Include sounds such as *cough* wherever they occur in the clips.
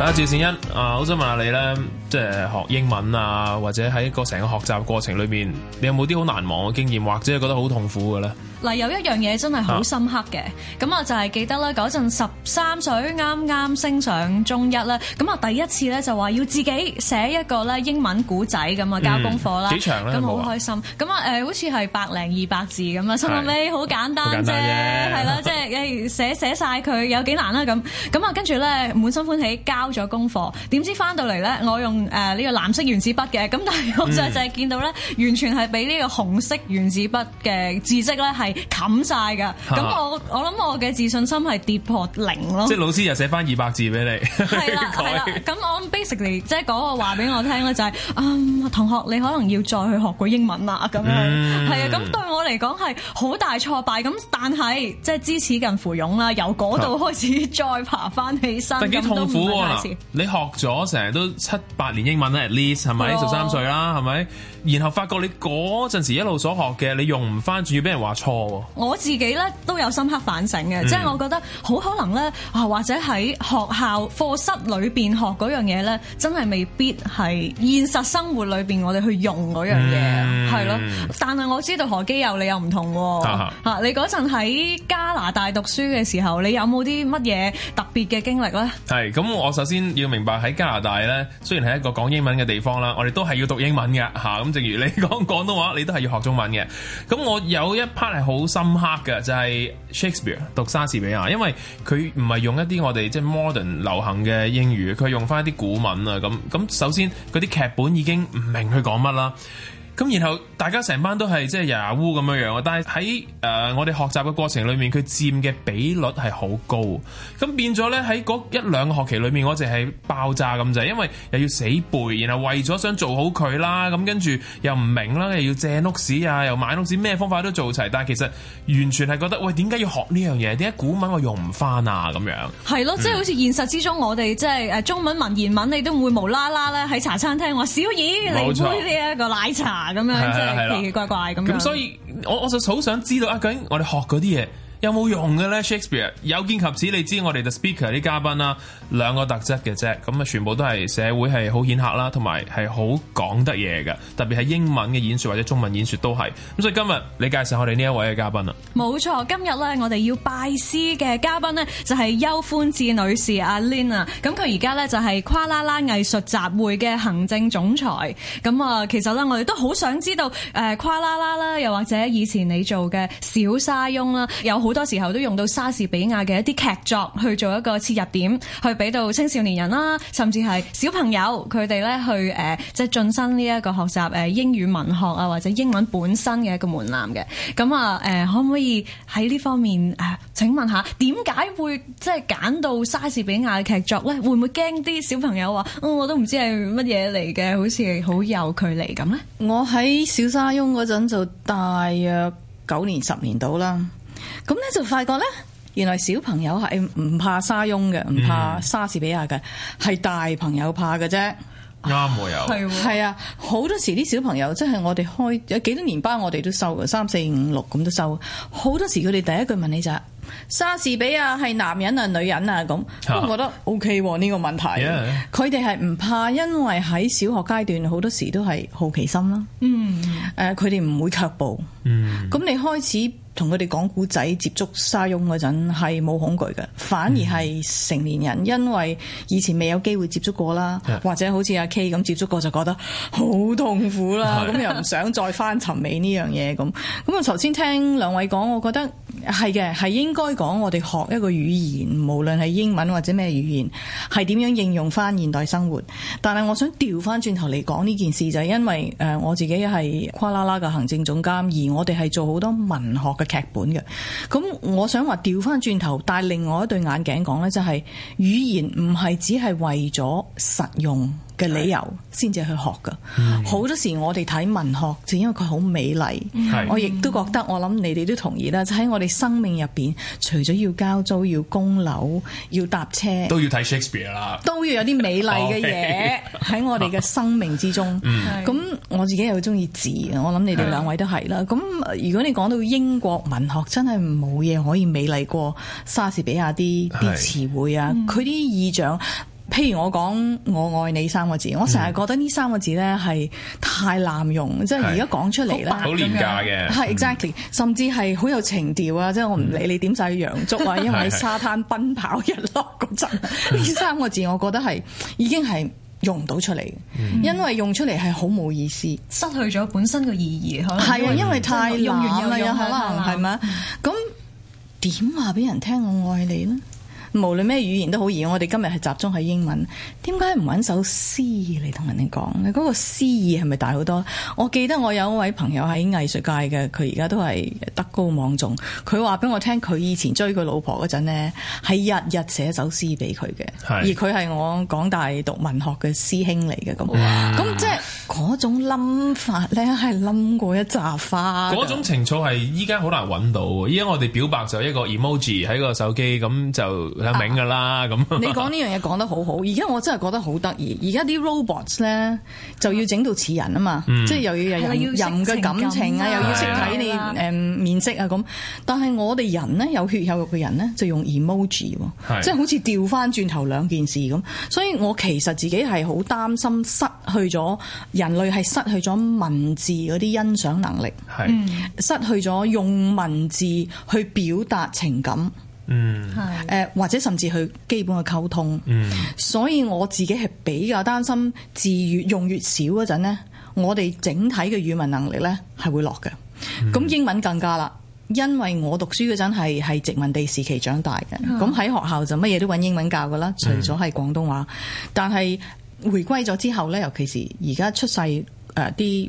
大家趙善欣啊，好想問下你咧，即係學英文啊，或者喺個成個學習過程裏面，你有冇啲好難忘嘅經驗，或者係覺得好痛苦嘅咧？嗱，有一樣嘢真係好深刻嘅，咁啊就係記得咧，嗰陣十三歲啱啱升上中一咧，咁啊第一次咧就話要自己寫一個咧英文古仔咁啊交功課啦，幾長啦？咁好開心，咁啊誒好似係百零二百字咁啊，心諗屘好簡單啫，係啦，即係誒寫寫晒佢有幾難啦咁，咁啊跟住咧滿心歡喜交。做功課，點知翻到嚟咧，我用誒呢、呃這個藍色原子筆嘅，咁但係我就就係見到咧，嗯、完全係俾呢個紅色原子筆嘅字跡咧係冚晒噶，咁、啊、我我諗我嘅自信心係跌破零咯。即係老師又寫翻二百字俾你，係啦係啦。咁我 basically 即係講個話俾我聽咧，就係、是、啊、就是嗯、同學你可能要再去學過英文啦咁樣，係啊。咁、嗯、對我嚟講係好大挫敗，咁但係即係支持近乎勇啦，由嗰度開始再爬翻起身，幾痛苦啊！啊、你學咗成日都七八年英文咧 at least 係咪？吧十三歲啦、啊，係咪？然後發覺你嗰陣時一路所學嘅，你用唔翻，仲要俾人話錯、啊。我自己咧都有深刻反省嘅，嗯、即係我覺得好可能咧啊，或者喺學校課室裏邊學嗰樣嘢咧，真係未必係現實生活裏邊我哋去用嗰樣嘢，係咯、嗯。但係我知道何基佑、啊哈啊、你又唔同，吓你嗰陣喺加拿大讀書嘅時候，你有冇啲乜嘢特別嘅經歷咧？係咁，我實。先要明白喺加拿大呢，雖然係一個講英文嘅地方啦，我哋都係要讀英文嘅嚇。咁、啊、正如你講廣東話，你都係要學中文嘅。咁我有一 part 係好深刻嘅，就係、是、Shakespeare 讀莎士比亞，因為佢唔係用一啲我哋即係 modern 流行嘅英語，佢用翻一啲古文啊。咁、啊、咁、啊、首先嗰啲劇本已經唔明佢講乜啦。咁然後大家成班都係即係牙牙烏咁樣樣啊，但係喺誒我哋學習嘅過程裏面，佢佔嘅比率係好高。咁變咗咧喺嗰一兩個學期裏面，我淨係爆炸咁滯，因為又要死背，然後為咗想做好佢啦，咁跟住又唔明啦，又要借屋史啊，又買屋史，咩方法都做齊。但係其實完全係覺得，喂點解要學呢樣嘢？點解古文我用唔翻啊？咁樣係咯，了嗯、即係好似現實之中我哋即係誒中文文言文，你都唔會無啦啦咧喺茶餐廳話小二嚟杯呢一個奶茶。咁樣即係的奇奇怪怪咁。咁所以，嗯、我我就好想知道啊，究竟我哋學嗰啲嘢有冇用嘅咧？Shakespeare 有見及此，你知我哋 The speaker 啲嘉賓啦、啊，兩個特質嘅啫。咁啊，全部都係社會係好顯赫啦，同埋係好講得嘢嘅。特別係英文嘅演說或者中文演說都係。咁所以今日你介紹我哋呢一位嘅嘉賓啊。冇錯，今日咧我哋要拜師嘅嘉賓咧就係邱歡智女士阿 Lynn 啊，咁佢而家咧就係誇啦啦藝術集匯嘅行政總裁。咁啊，其實咧我哋都好想知道，誒、呃、誇啦啦啦，又或者以前你做嘅小沙翁啦，有好多時候都用到莎士比亞嘅一啲劇作去做一個切入點去俾到青少年人啦，甚至係小朋友佢哋咧去誒即係晉身呢一個學習誒英語文學啊，或者英文本身嘅一個門檻嘅。咁啊誒可唔可以？所以喺呢方面，誒、呃，請問下，點解會即係揀到莎士比亞嘅劇作咧？會唔會驚啲小朋友話，嗯、呃，我都唔知係乜嘢嚟嘅，好似好有距離咁咧？我喺小沙翁嗰陣就大約九年十年到啦，咁咧就發覺咧，原來小朋友係唔怕沙翁嘅，唔怕莎士比亞嘅，係、嗯、大朋友怕嘅啫。啱喎又，係啊！好、啊啊、多時啲小朋友，即係我哋開有幾多年班，我哋都收嘅，三四五六咁都收。好多時佢哋第一句問你就係、是、莎士比亞、啊、係男人啊，女人啊咁。啊我覺得 OK 呢個問題，佢哋係唔怕，因為喺小學階段好多時都係好奇心啦。嗯、mm. 呃，誒，佢哋唔會卻步。嗯，咁你開始。同佢哋講古仔、接觸沙翁嗰陣係冇恐懼嘅，反而係成年人，因為以前未有機會接觸過啦，嗯、或者好似阿 K 咁接觸過就覺得好痛苦啦，咁的又唔想再翻尋味呢樣嘢咁。咁我頭先聽兩位講，我覺得。係嘅，係應該講，我哋學一個語言，無論係英文或者咩語言，係點樣應用翻現代生活。但係我想調翻轉頭嚟講呢件事，就係、是、因為誒、呃、我自己係誇啦啦嘅行政總監，而我哋係做好多文學嘅劇本嘅。咁我想話調翻轉頭，戴另外一對眼鏡講呢，就係、是、語言唔係只係為咗實用。嘅理由先至去學噶。好多時我哋睇文學就因為佢好美麗，我亦都覺得我諗你哋都同意啦。就喺我哋生命入邊，除咗要交租、要供樓、要搭車，都要睇 Shakespeare 啦，都要有啲美麗嘅嘢，喺我哋嘅生命之中。咁我自己又好中意字，我諗你哋兩位都係啦。咁如果你講到英國文學，真係冇嘢可以美麗過莎士比亞啲啲詞彙啊，佢啲意象。譬如我講我愛你三個字，我成日覺得呢三個字咧，係太濫用，即係而家講出嚟咧，好廉價嘅，係 exactly，甚至係好有情調啊！即係我唔理你點曬去洋燭啊，因為沙灘奔跑日落嗰陣，呢三個字我覺得係已經係用唔到出嚟嘅，因為用出嚟係好冇意思，失去咗本身嘅意義。係啊，因為太用完乸啦，可能係咪？咁點話俾人聽我愛你咧？無論咩語言都好易，我哋今日係集中喺英文。點解唔揾首詩嚟同人哋講咧？嗰個詩意係咪大好多？我記得我有一位朋友喺藝術界嘅，佢而家都係德高望重。佢話俾我聽，佢以前追佢老婆嗰陣呢，係日日寫首詩俾佢嘅。是而佢係我港大讀文學嘅師兄嚟嘅，咁咁哇即係嗰種冧法咧，係冧過一扎花。嗰種情操係依家好難揾到。依家我哋表白就一個 emoji 喺個手機，咁就。明噶啦，咁、啊、你講呢樣嘢講得好好，而家我真係覺得好得意。而家啲 robots 咧就要整到似人啊嘛，嗯、即係又要有人嘅的感情、情感啊，又要識睇你誒的、呃、面色啊咁。但係我哋人咧有血有肉嘅人咧就用 emoji，的即係好似調翻轉頭兩件事咁。所以我其實自己係好擔心失去咗人類，係失去咗文字嗰啲欣賞能力，的嗯、失去咗用文字去表達情感。嗯，係誒，或者甚至去基本嘅溝通，嗯、所以我自己係比較擔心，字越用越少嗰陣呢，我哋整體嘅語文能力呢係會落嘅。咁、嗯、英文更加啦，因為我讀書嗰陣係係殖民地時期長大嘅，咁喺、嗯、學校就乜嘢都揾英文教噶啦，除咗係廣東話。嗯、但係回歸咗之後呢，尤其是而家出世誒啲。呃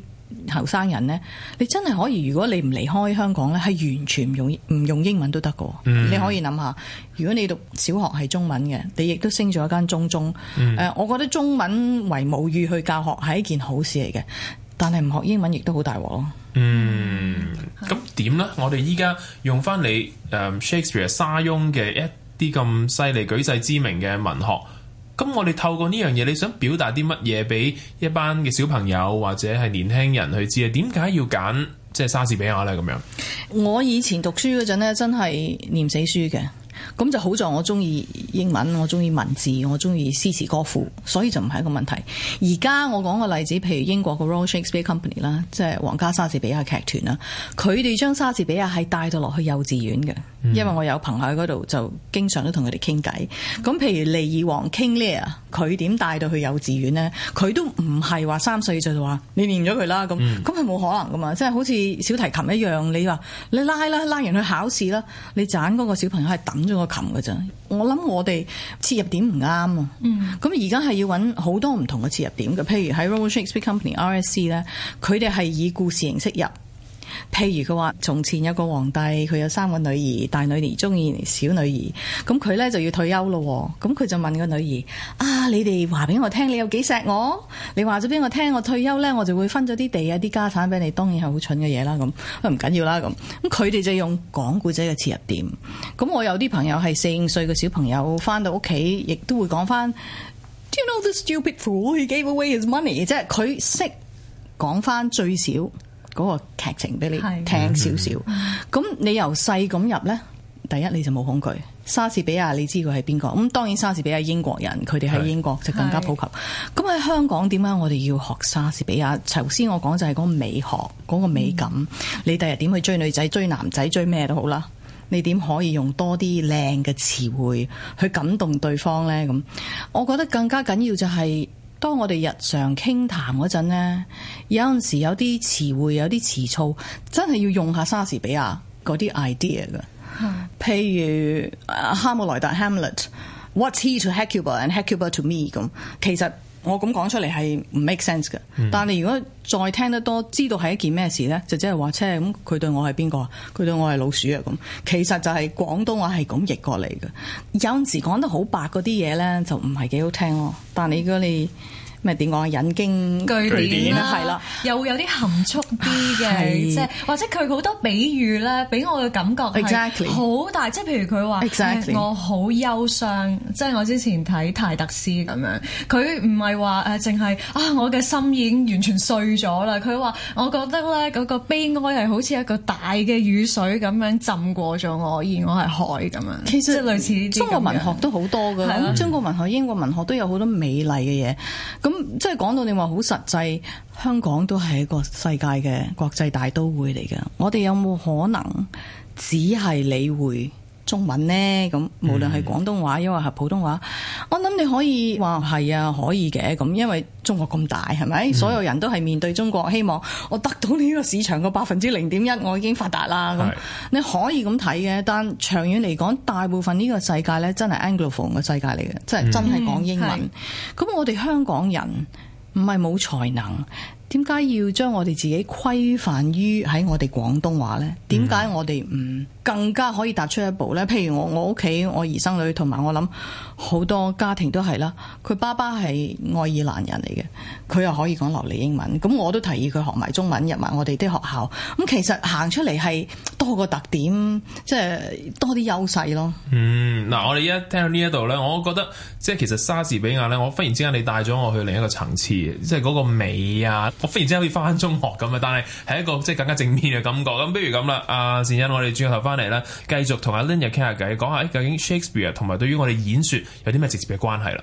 後生人呢，你真係可以，如果你唔離開香港呢，係完全唔用唔用英文都得嘅。嗯、你可以諗下，如果你讀小學係中文嘅，你亦都升咗一間中中。誒、嗯呃，我覺得中文為母語去教學係一件好事嚟嘅，但係唔學英文亦都好大鑊咯。嗯，咁點呢？我哋依家用翻你誒 Shakespeare、沙翁嘅一啲咁犀利、舉世知名嘅文學。咁我哋透過呢樣嘢，你想表達啲乜嘢俾一班嘅小朋友或者係年輕人去知啊？點解要揀即係莎士比亞咧？咁樣，我以前讀書嗰陣咧，真係念死書嘅。咁就好在我中意英文，我中意文字，我中意詩詞歌賦，所以就唔係一個問題。而家我講個例子，譬如英國嘅 Royal Shakespeare Company 啦，即係皇家莎士比亞劇團啦，佢哋將莎士比亞係帶到落去幼稚園嘅。因為我有朋友喺嗰度，就經常都同佢哋傾偈。咁譬如李爾王傾咩啊？佢點帶到去幼稚園咧？佢都唔係話三歲就話你練咗佢啦。咁咁係冇可能噶嘛？即係好似小提琴一樣，你話你拉啦，拉完去考試啦，你盞嗰個小朋友係揼咗個琴噶咋。我諗我哋切入點唔啱啊。咁而家係要揾好多唔同嘅切入點嘅，譬如喺 Royal Shakespeare Company RSC 咧，佢哋係以故事形式入。譬如佢話從前有個皇帝，佢有三個女兒，大女兒中意小女兒，咁佢呢就要退休咯，哦。咁佢就問個女兒：啊，你哋話俾我聽，你有幾錫我？你話咗俾我聽，我退休呢，我就會分咗啲地啊、啲家產俾你。當然係好蠢嘅嘢啦，咁唔緊要啦。咁咁佢哋就用講故仔嘅切入點。咁我有啲朋友係四五歲嘅小朋友，翻到屋企亦都會講翻。Do you know the stupid fool he gave away his money，即係佢識講翻最少。嗰個劇情俾你聽少少，咁、mm hmm. 你由細咁入呢。第一你就冇恐懼。莎士比亞你知佢係邊個？咁當然莎士比亞英國人，佢哋喺英國是就更加普及。咁喺是香港點解我哋要學莎士比亞？頭先我講就係嗰個美學，嗰、嗰個美感。Mm hmm. 你第日點去追女仔、追男仔、追咩都好啦，你點可以用多啲靚嘅詞彙去感動對方呢？咁我覺得更加緊要就係。當我哋日常傾談嗰陣咧，有陣時有啲詞彙，有啲詞藻，真係要用下莎士比亞嗰啲 idea 嘅。譬如哈姆萊特 Hamlet，What's he to Hecuba and Hecuba to me？咁其實。我咁講出嚟係唔 make sense 嘅，但係你如果再聽得多，知道係一件咩事咧，就即係話，即係咁佢對我係邊個啊？佢對我係老鼠啊！咁其實就係廣東話係咁譯過嚟嘅。有陣時講得好白嗰啲嘢咧，就唔係幾好聽咯。但係你如果你咪點講啊？引經據典啦，係咯，又有啲含蓄啲嘅，即係或者佢好多比喻咧，俾我嘅感覺係 Exactly，好大。即係譬如佢話：Exactly。我好憂傷。即係我之前睇泰特斯咁樣，佢唔係話誒淨係啊，我嘅心已經完全碎咗啦。佢話：我覺得咧嗰個悲哀係好似一個大嘅雨水咁樣浸過咗我，而我係海咁樣。其實類似中國文學都好多噶，咁中國文學、英國文學都有好多美麗嘅嘢咁。即係講到你話好實際，香港都係一個世界嘅國際大都會嚟嘅。我哋有冇可能只係理會？中文呢，咁無論係廣東話，抑或係普通話，嗯、我諗你可以話係啊，可以嘅咁，因為中國咁大，係咪、嗯、所有人都係面對中國？希望我得到呢個市場個百分之零點一，我已經發達啦。咁是你可以咁睇嘅，但長遠嚟講，大部分呢個世界呢，真係 Anglophone 嘅世界嚟嘅，嗯、真係真係講英文。咁是我哋香港人唔係冇才能。點解要將我哋自己規範於喺我哋廣東話呢？點解我哋唔更加可以踏出一步呢？譬如我我屋企我兒生女同埋我諗好多家庭都係啦，佢爸爸係愛爾蘭人嚟嘅，佢又可以講流利英文，咁我都提議佢學埋中文，入埋我哋啲學校。咁其實行出嚟係。多個特點，即係多啲優勢咯。嗯，嗱，我哋一聽到呢一度咧，我覺得即係其實莎士比亞咧，我忽然之間你帶咗我去另一個層次，即係嗰個美啊！我忽然之間好似翻中學咁啊，但係係一個即係更加正面嘅感覺。咁不如咁啦，阿、啊、善欣，我哋轉頭翻嚟啦，繼續同阿 Lynn 又傾下偈，講下究竟 Shakespeare 同埋對於我哋演説有啲咩直接嘅關係啦。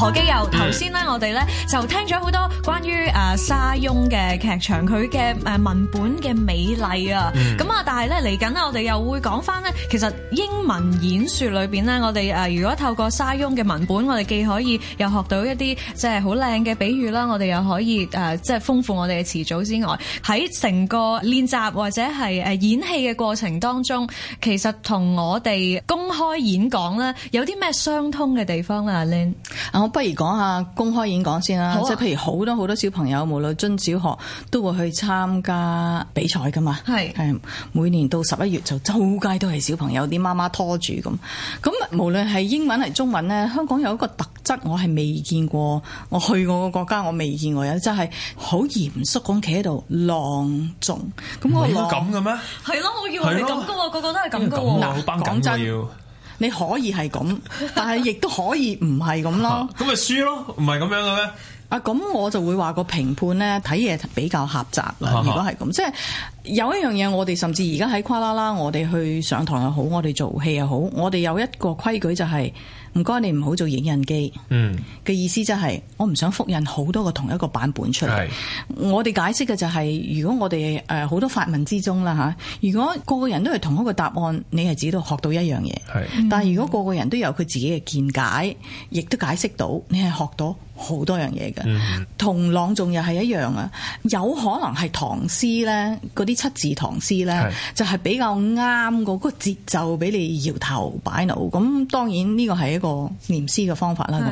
何基佑？頭先咧， *noise* 我哋咧就聽咗好多關於誒莎翁嘅劇場，佢嘅誒文本嘅美麗啊！咁啊， *noise* 但係咧，嚟緊咧，我哋又會講翻咧，其實英文演說裏邊咧，我哋誒如果透過莎翁嘅文本，我哋既可以又學到一啲即係好靚嘅比喻啦，我哋又可以誒即係豐富我哋嘅詞組之外，喺成個練習或者係誒演戲嘅過程當中，其實同我哋公開演講咧有啲咩相通嘅地方咧？Lynn。 *noise* 不如講下公開演講先啦，啊，即係，啊、譬如好多好多小朋友，無論中小學都會去參加比賽噶嘛，係係是每年到十一月就周街都係小朋友，啲媽媽拖住咁，咁無論係英文係中文咧，香港有一個特質，我係未見過，我去過個國家我未見過有真係好嚴肅咁企喺度朗誦，咁，就是，我咁嘅咩？係咯，我以為係咁嘅喎，個個都係咁嘅喎，講真。你可以係咁， *laughs* 但係亦都可以唔係咁咯。咁咪 *laughs* 輸咯，唔係咁樣嘅咩？啊，咁我就會話個評判咧，睇嘢比較狹窄啦。如果係咁， *laughs* 即係有一樣嘢，我哋甚至而家喺誇啦啦，我哋去上堂又好，我哋做戲又好，我哋有一個規矩就係。唔該你唔好做影印機嗯，嘅意思，就是，就係我唔想複印好多個同一個版本出嚟。是我哋解釋嘅就係、是、如果我哋誒好多發問之中啦，吓，如果個個人都係同一個答案，你係自己都學到一樣嘢。係是，但係如果個個人都有佢自己嘅見解，亦都解釋到，你係學到好多樣嘢嘅。同是《朗誦又係一樣啊，有可能係唐詩咧，啲七字唐詩咧，是就係比較啱個個節奏，俾你搖頭擺腦，咁當然呢個係一個。個念詩嘅方法啦，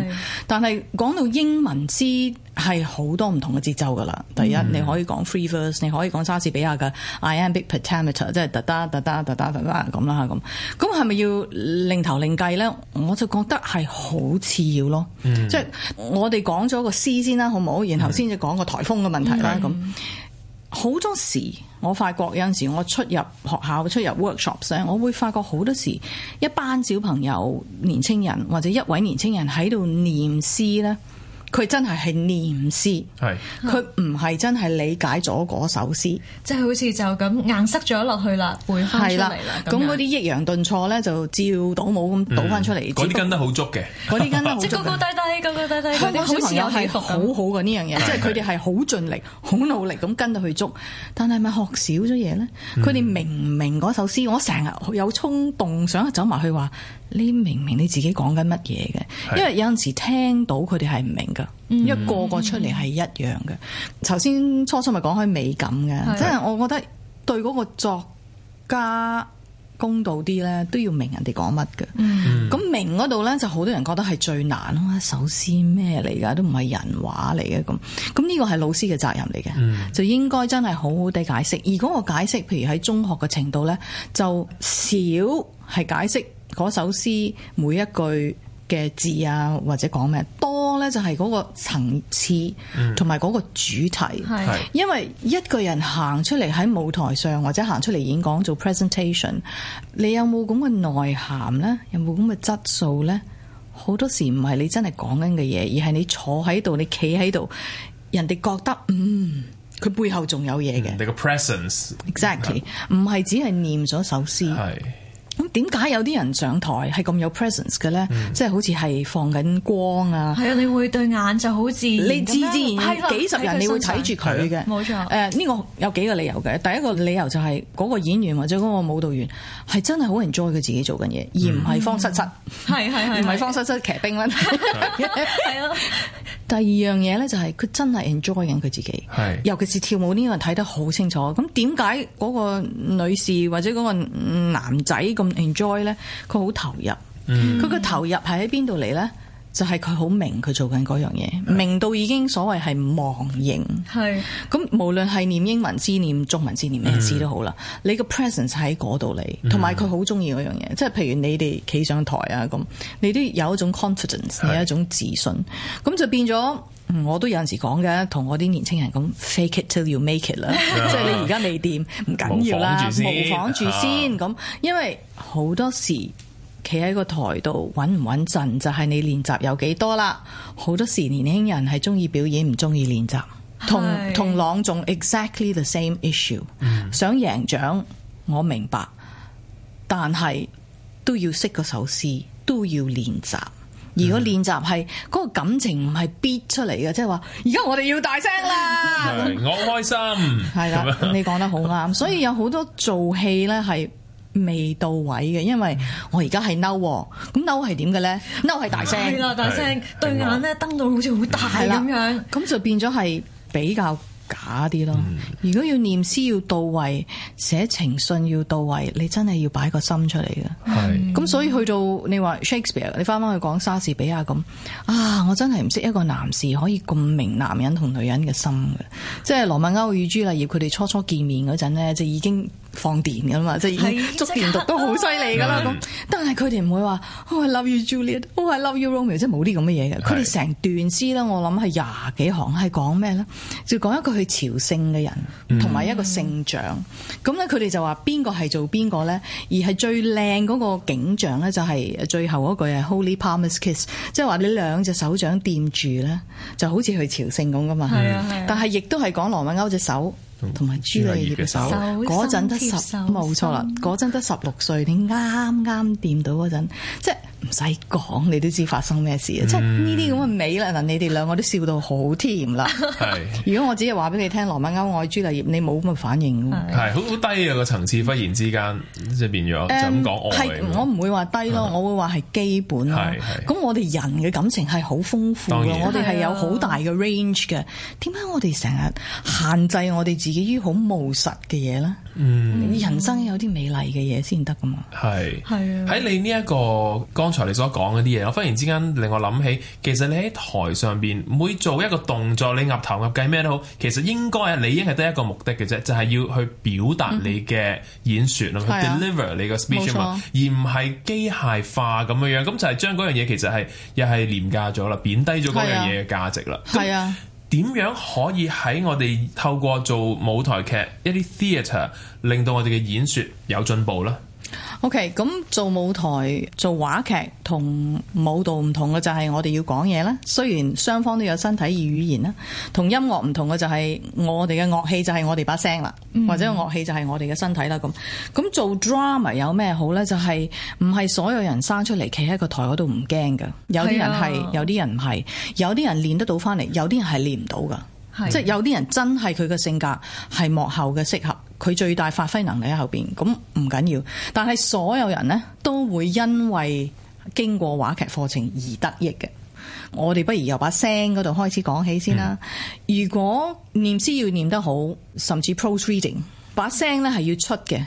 但係講到英文詩係好多唔同嘅節奏噶啦。第一，你可以講 free verse，你可以講莎士比亞嘅 iambic pentameter，即係得得得得得得，咁啦咁。咁係咪要另頭另計咧？我就覺得係好次要咯，即係 *music* 我哋講咗個詩先啦，好唔好？然後先至講個台風嘅問題啦，咁好 *music* *music* 多時。我發覺有陣時，我出入學校、出入 workshop 上，我會發覺好多時一班小朋友、年青人或者一位年青人喺度念詩咧。佢真係係念詩，佢唔係真係理解咗嗰首詩，即係好似就咁硬塞咗落去啦，背翻出嚟啦。咁嗰啲抑揚頓挫咧，就照倒舞咁倒翻出嚟。嗰啲跟得好足嘅，嗰啲跟得好足嘅，即係高高低低，高高低低。佢哋小朋友係好好嘅呢樣嘢，即係佢哋係好盡力、好努力咁跟到去捉。但係咪學少咗嘢咧？佢哋明唔明嗰首詩？我成日有衝動想走埋去話。你明明你自己講緊乜嘢嘅？是因為有陣時聽到佢哋係唔明噶嗯、因為個個出嚟係一樣嘅。頭先初初咪講開美感嘅，即係是我覺得對嗰個作家公道啲咧，都要明人哋講乜嘅。咁明嗰度咧，就好多人覺得係最難啊嘛。首先咩嚟噶都唔係人話嚟嘅咁。咁呢個係老師嘅責任嚟嘅，就應該真係好好地解釋。嗯、而嗰個解釋，譬如喺中學嘅程度咧，就少係解釋。嗰首詩每一句嘅字啊，或者講咩多呢？就係嗰個層次，同埋嗰個主題。係、嗯、因為一個人行出嚟喺舞台上，或者行出嚟演講做 presentation，你有冇咁嘅內涵呢？有冇咁嘅質素呢？好多時唔係你真係講緊嘅嘢，而係你坐喺度，你企喺度，人哋覺得嗯，佢背後仲有嘢嘅。你個、嗯 like、presence exactly 唔係、嗯、只係念咗首詩，係。咁點解有啲人上台係咁有 presence 嘅咧？嗯、即係好似係放緊光啊！係啊，你會對眼就好自然咁樣。幾十人你會睇住佢嘅，冇錯、呃。誒，呢個有幾個理由嘅。第一個理由就係嗰個演員或者嗰個舞蹈員係真係好 enjoy 佢自己做緊嘢，嗯、而唔係方失失，係係係，唔係方失失騎兵啦，係咯。第二樣嘢咧就係佢真係 enjoy 緊佢自己，是尤其是跳舞呢個人睇得好清楚。咁點解嗰個女士或者嗰個男仔咁 enjoy 咧？佢好投入，佢嘅、嗯、投入係喺邊度嚟咧？就係佢好明佢做緊嗰樣嘢，是明到已經所謂係忘形。係咁是，無論係念英文字、念中文字、念咩字都好啦。嗯、你個 presence 喺嗰度嚟，同埋佢好中意嗰樣嘢。即係譬如你哋企上台啊，咁你都有一種 confidence，是有一種自信。咁就變咗，我都有陣時講嘅，同我啲年青人講 fake it till you make it *laughs* *laughs* 啦。即係你而家未掂，唔緊要啦，模仿住先。模仿住先咁，啊、因為好多時。企喺個台度穩唔穩陣就係、是、你練習有幾多啦。好多時年輕人係中意表演唔中意練習，同是同朗誦 exactly the same issue、嗯。想贏獎我明白，但係都要識個首詩，都要練習。如果練習係嗰個感情唔係逼出嚟嘅，即係話，而家我哋要大聲啦 *laughs* *laughs* 我開心，係啦，你講得好啱。 *laughs* 所以有好多做戲呢係未到位嘅，因為我而家係嬲，咁嬲係點嘅咧？嬲係大聲，係啦， *noise* 大聲，的對眼咧瞪到好似好大咁樣，咁就變咗係比較假啲咯。嗯、如果要念詩要到位，寫情信要到位，你真係要擺個心出嚟嘅。係是，咁所以去到你話 Shakespeare，你翻翻去講莎士比亞咁啊，我真係唔識一個男士可以咁明男人同女人嘅心嘅。即係羅密歐與朱麗葉佢哋初初見面嗰陣咧，就已經。放電噶嘛，即係已經觸電毒都好犀利噶啦咁。啊啊啊啊啊，但係佢哋唔會話，我係、 *laughs* oh, I love you Juliet，我係、 *laughs* *laughs* 哦、I love you Romeo，即係冇啲咁嘅嘢嘅。佢哋成段詩咧，我諗係廿幾行，係講咩咧？就講一個去朝聖嘅人，同埋一個聖像。咁咧、嗯，佢哋、嗯、就話邊個係做邊個咧？而係最靚嗰個景象咧，就係最後嗰句係 Holy Palmer's Kiss，即係話你兩隻手掌掂住咧，就好似去朝聖咁噶嘛。嗯、是但係亦都係講羅密歐隻手。同埋朱麗葉嘅手，手，嗰陣得十，冇錯啦，嗰陣得十六歲，你啱啱掂到嗰陣，即係。唔使講，你都知發生咩事啊！即係呢啲咁嘅美啦，嗱，你哋兩個都笑到好甜啦。係，如果我只係話俾你聽羅密歐愛朱麗葉，你冇咁嘅反應咯。係，好好低啊個層次，忽然之間即係變咗。咁講愛，我唔會話低咯，我會話係基本。咁我哋人嘅感情係好豐富嘅，我哋係有好大嘅 range 嘅。點解我哋成日限制我哋自己於好務實嘅嘢咧？人生有啲美麗嘅嘢先得噶嘛。係係啊。喺你呢一個才你所講嗰啲嘢，我忽然之間令我諗起，其實你喺台上邊每做一個動作，你岌頭岌計咩都好，其實應該啊，你，應係得一個目的嘅啫，就係、是、要去表達你嘅演説、嗯、去 deliver 你個 speech 嘛，而唔係機械化咁樣樣，咁就係將嗰樣嘢其實係又係廉價咗啦，貶低咗嗰樣嘢嘅價值啦。係啊，點那、啊、樣可以喺我哋透過做舞台劇一啲 theatre，令到我哋嘅演説有進步呢？O.K. 咁做舞台做話劇同舞蹈唔同嘅就係、是、我哋要講嘢啦，雖然雙方都有身體而語言啦，音樂同音樂唔同嘅就係、是、我哋嘅樂器就係我哋把聲啦，嗯、或者樂器就係我哋嘅身體啦。咁咁做 drama 有咩好呢？就係唔係所有人生出嚟企喺個台嗰度都唔驚噶，有啲人係，有啲人唔係，有啲人練得到翻嚟，有啲人係練唔到噶，的即係有啲人真係佢嘅性格係幕後嘅適合。佢最大發揮能力喺後邊，咁唔緊要。但係所有人呢，都會因為經過話劇課程而得益嘅。我哋不如由把聲嗰度開始講起先啦。嗯、如果念詩要念得好，甚至 prose reading，把聲呢係要出嘅。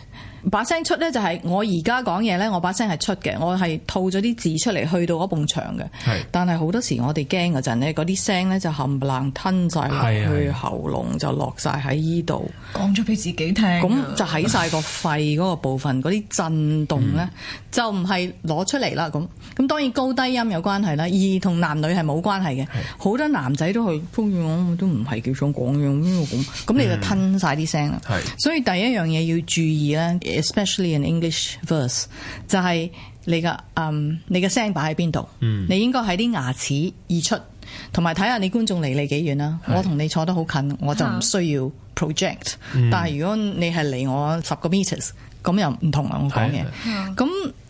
把聲出咧就係我而家講嘢咧，我把聲係出嘅，我係吐咗啲字出嚟去到嗰埲牆嘅。但係好多時我哋驚嗰陣咧，嗰啲聲咧就冚唪唥吞晒落去喉嚨，就落晒喺依度。講咗俾自己聽。咁就喺晒個肺嗰個部分，嗰啲震動咧就唔係攞出嚟啦。咁咁當然高低音有關係啦，而同男女係冇關係嘅。好多男仔都去講，我都唔係叫想講嘢咁。咁你就吞晒啲聲啊。所以第一樣嘢要注意咧。Especially in English verse，就係你嘅，um, 你嗯，你嘅聲擺喺邊度？你應該喺啲牙齒而出，同埋睇下你觀眾離你幾遠啦。是我同你坐得好近，我就唔需要 project、嗯。但係如果你係離我十個 metres，咁又唔同啦。我講嘢咁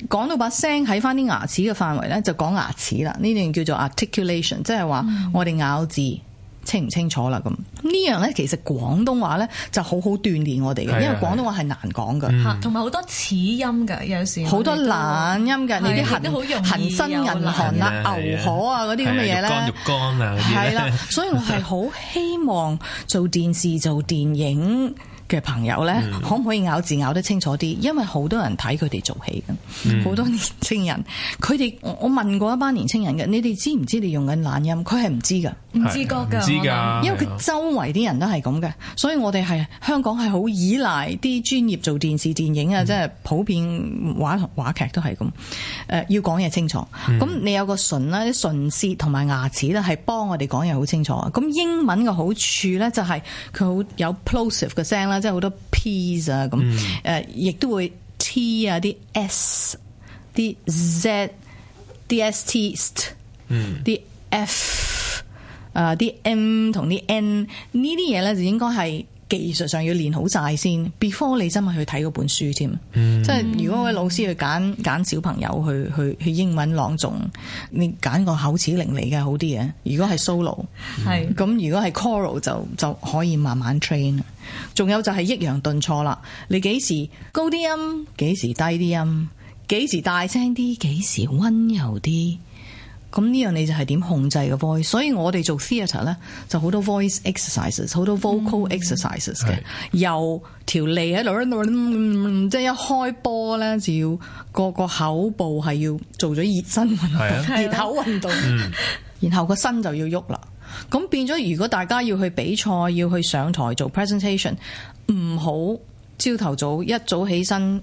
講到把聲喺翻啲牙齒嘅範圍呢，就講牙齒啦。呢段叫做 articulation，即係話我哋咬字。嗯嗯清唔清楚啦？咁呢樣咧，其實廣東話咧就好好鍛鍊我哋嘅，因為廣東話係難講㗎，同埋好多齒音㗎有時，好多懶音㗎，你啲用，恆生銀行啊、牛河啊嗰啲咁嘅嘢咧，幹、啊、肉乾，肉乾啊，係啦，所以我係好希望做電視、做電影嘅朋友咧，嗯、可唔可以咬字咬得清楚啲？因為好多人睇佢哋做戲嘅，好、嗯、多年青人，佢哋我我問過一班年青人嘅，你哋知唔知你用緊懶音？佢係唔知㗎。唔知覺噶，知啊、因為佢周圍啲人都係咁嘅，是啊、所以我哋係香港係好依賴啲專業做電視電影啊，嗯、即係普遍話話劇都係咁。誒，嗯、要講嘢清楚。咁、嗯、你有個唇啦、啲唇舌同埋牙齒咧，係幫我哋講嘢好清楚。咁英文嘅好處咧，就係佢好有 plosive 嘅聲啦，即係好多 p 啊咁。誒、嗯嗯，亦都會 t 啊啲 s 啲 z 啲 st 嗯啲 f。啊！啲 M 同啲 N 呢啲嘢咧，就應該係技術上要練好晒先。 *music* Before 你真係去睇嗰本書添， *music* 即係如果位老師去揀揀小朋友去去去英文朗誦，你揀個口齒伶俐嘅好啲嘅。如果係 solo，係咁 *music* 如果係 choral 就就可以慢慢 train。仲有就係抑揚頓挫啦。你幾時高啲音？幾時低啲音？幾時大聲啲？幾時溫柔啲？咁呢樣你就係點控制個 voice？所以我哋做 theatre e 咧就好多 voice exercises，好多 vocal exercises 嘅。嗯、由條脷喺度，即係一開波咧，就要個個口部係要做咗熱身運動、啊、熱口運動。啊嗯、然後個身就要喐啦。咁變咗，如果大家要去比賽、要去上台做 presentation，唔好朝頭早一早起身，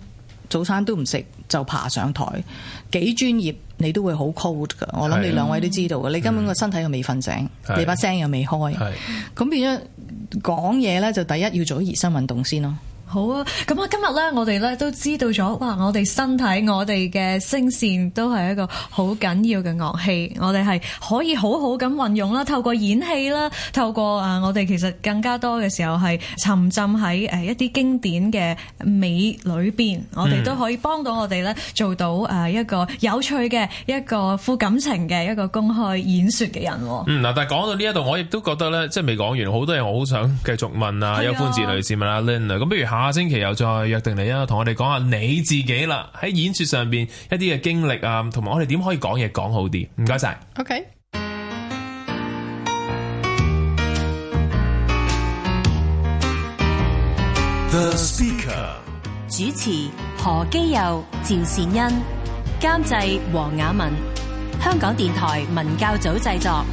早餐都唔食，就爬上台，幾專業你都會好 cold 㗎。我諗你兩位都知道嘅，的你根本個身體又未瞓醒，的你把聲又未開，咁的變咗講嘢呢，就第一要做熱身運動先咯。好啊！咁啊，今日咧，我哋咧都知道咗，哇！我哋身體，我哋嘅聲線都係一個好緊要嘅樂器，我哋係可以好好咁運用啦，透過演戲啦，透過啊，我哋其實更加多嘅時候係沉浸喺誒一啲經典嘅美裏邊，我哋都可以幫到我哋咧做到誒一個有趣嘅一個富感情嘅一個公開演說嘅人。嗯，嗱，但係講到呢一度，我亦都覺得咧，即係未講完，好多人，我好想繼續問啊，邱歡智女士問阿 Lynn 咁不如。下星期又再約定你啊！同我哋講下你自己啦，喺演說上邊一啲嘅經歷啊，同埋我哋點可以講嘢講好啲？唔該晒 OK。The Speaker 主持何基佑、趙善恩，監製黃雅文，香港電台文教組製作。